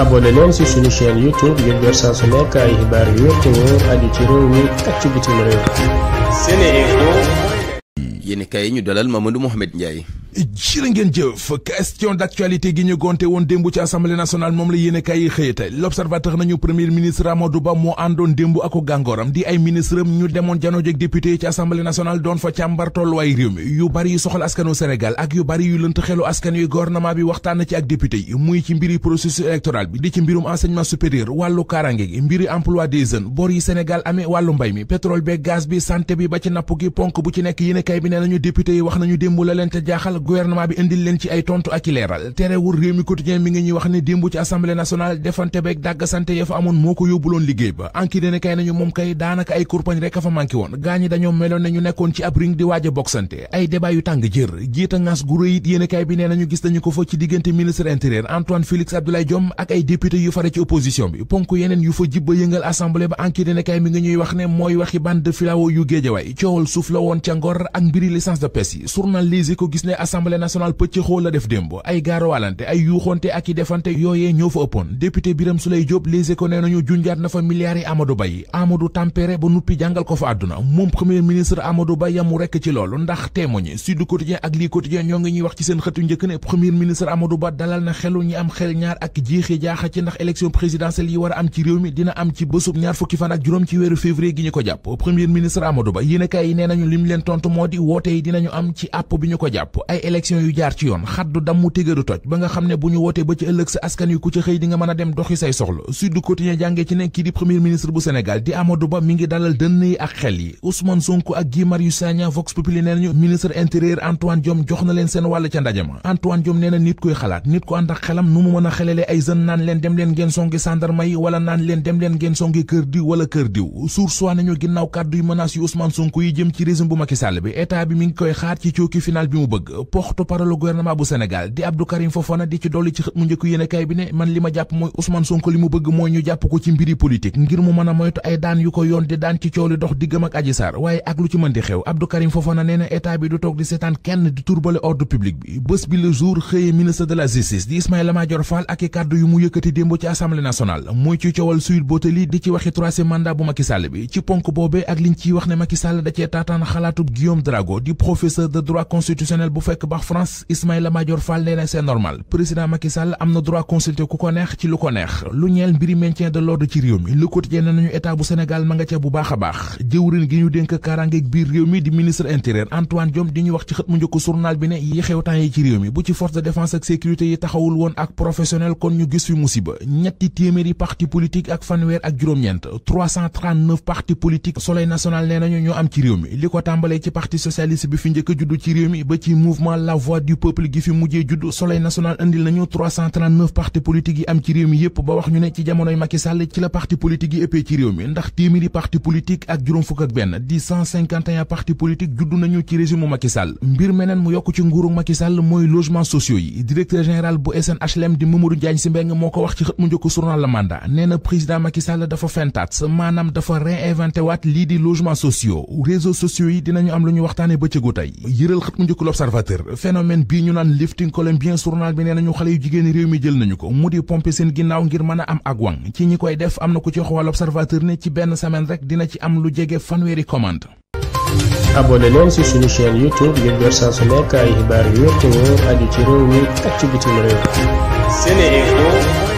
abonné leen ci suñu chaîne YouTube ngir jot saa su nekk ay xibaar yu wér te ci réew mi ak ci bitim réew. Sénéinfo. yéen kay ñu dalal Mamadou Mouhamed njaay jërë ngeen jëf question d'actualité gi ñu gonte woon démb ci assemblée nationale moom la yéenekaay yi xëyate l'observateur nañu premier ministre Amadou Ba moo àndoon démb ak gàngooram di ay ministre ñu demoon janoo jeg député ci assemblée nationale doon fa càmbar tolluwaay réew mi yu bari yu soxal askanu Sénégal ak yu bari yu lënt xelu askan yu gouvernement bi waxtaan ci ak député yi muy ci mbiri processus électoral bi di ci mbirum enseignement gouvernement bi indil leen ci ay tontu ak i leeral terewul réew mi quotidien mi ngi ñuy wax ne démb ci assemblée nationale defante beeg dàgg ya fa amoon moo ko yóbbuloon liggéey ba anki nañu moom kay daanaka ay kurpañ rek a fa manqué woon gaañi dañoo meloon ne nekkoon ci ab ring di waaj a ay débat tàng jër jiita ngaas gu rëy it bi nee nañu gis nañu ko fa diggante ministre intérieur Antoine Félix Abdoulaye Diome ak assemblée nationale pëccëxoo la def démb ay gaarawalante ay yuuxonte ak i defante yooyee ñoo fa ëppoon député Birame Souleye Diop Les Échos nee nañu junjaat na fa milliards yi Ba yi Amadou Tampere ba nuppi jàngal ko fa àdduna moom premier ministre Amadou Ba yamu rekk ci loolu ndax témoigné Sud Quotidien ak lii Quotidien ñoo ngi ñuy wax ci seen xëtu njëkk ne premier ministre Amadou Ba dalal na xelu ñi am xel ñaar ak jéexi jaaxa ci ndax élection présidentielle leen tontu moo di woote yi dinañu am ay élection yu jaar ci yoon xaddu dammu tégadu toj ba nga xam ne bu ñu wootee ba ci ëllëg sa askan yu ku ci xëy di mën a dem doxi say soxla Sud Quotidien jàngee ci ne kii di premier ministre bu Sénégal di Amadou Ba mi ngi dalal dënn yi ak xel yi Ousmane Sonko ak Guy Marius Sagna Vox Populi nee ministre intérieur Antoine Diome jox na leen seen wàll ca ndaje ma Antoine Diome nee na nit koy xalaat nit ko ànd ak xelam nu mu mën xelale ay jeunes naan leen porte-parole du bu Sénégal di Abdou Karim di ci dolli ci xët mu njëkk yéenekaay bi ne man li ma jàpp mooy Ousmane Sonko li mu bëgg mooy ñu jàpp ko ci mbiri politique ngir mu mën a moytu ay daan yu ko yoon di daan ci coow li dox diggam ak Adji Sarr waaye ak ci mën di xew Abdou Karim Fofana nee bi du toog di seetaan kenn di turbale ordre public bi bés bi le jour xëye ministre de la justice di Ismaïla Madior Fall ak i kàddu yu mu yëkkati démb ci assemblée fekk baax France Ismaïla Madior Fall nee na c'est normal président Macky am na droit consulter ku ko neex ci lu ko neex lu ñeel mbiri maintien de ci réew mi Le Quotidien nee nañu état bu Sénégal ma ca bu baax baax jëwrin gi ñu dénk kaaraangeeg biir réew mi di ministre intérieur Antoine Diome di ñu wax ci xët njëkk journal bi ne yi xew temps yi ci réew mi bu ci force de défense ak sécurité yi taxawul woon ak professionnel kon ñu gis fi musiba ñetti mouvement la voix du peuple gi fi mujjee judd soleil national indil nañu 339 parti yi am ci réew mi yëpp ba wax ñu ne ci jamonoy Macky ci la parti politique yi ëppee ci réew mi ndax téeméeri parti politique ak juróom fukk ak benn di 151 parti politique nañu ci régime Macky mbir meneen mu yokk ci nguuru Macky mooy logement sociaux yi directeur général bu SNHLM di Mamadou Diagne Simbeng moo ko wax ci xët mu njëkk la mandat nee président Macky réer phénomène bii ñu naan lifting colombien journal bi nee nañu xale yu jigéen réew mi jël nañu ko mu di pompe seen ginnaaw ngir mën a am ak wang ci ñi koy def am na ku ci xool observateur ne ci benn semaine rek dina ci am lu jege fanweeri commande abonné leen ci suñu chaîne youtube ngir jot saa su nekk ay xibaar yu wér te wóor ci réew mi ak ci bitim réew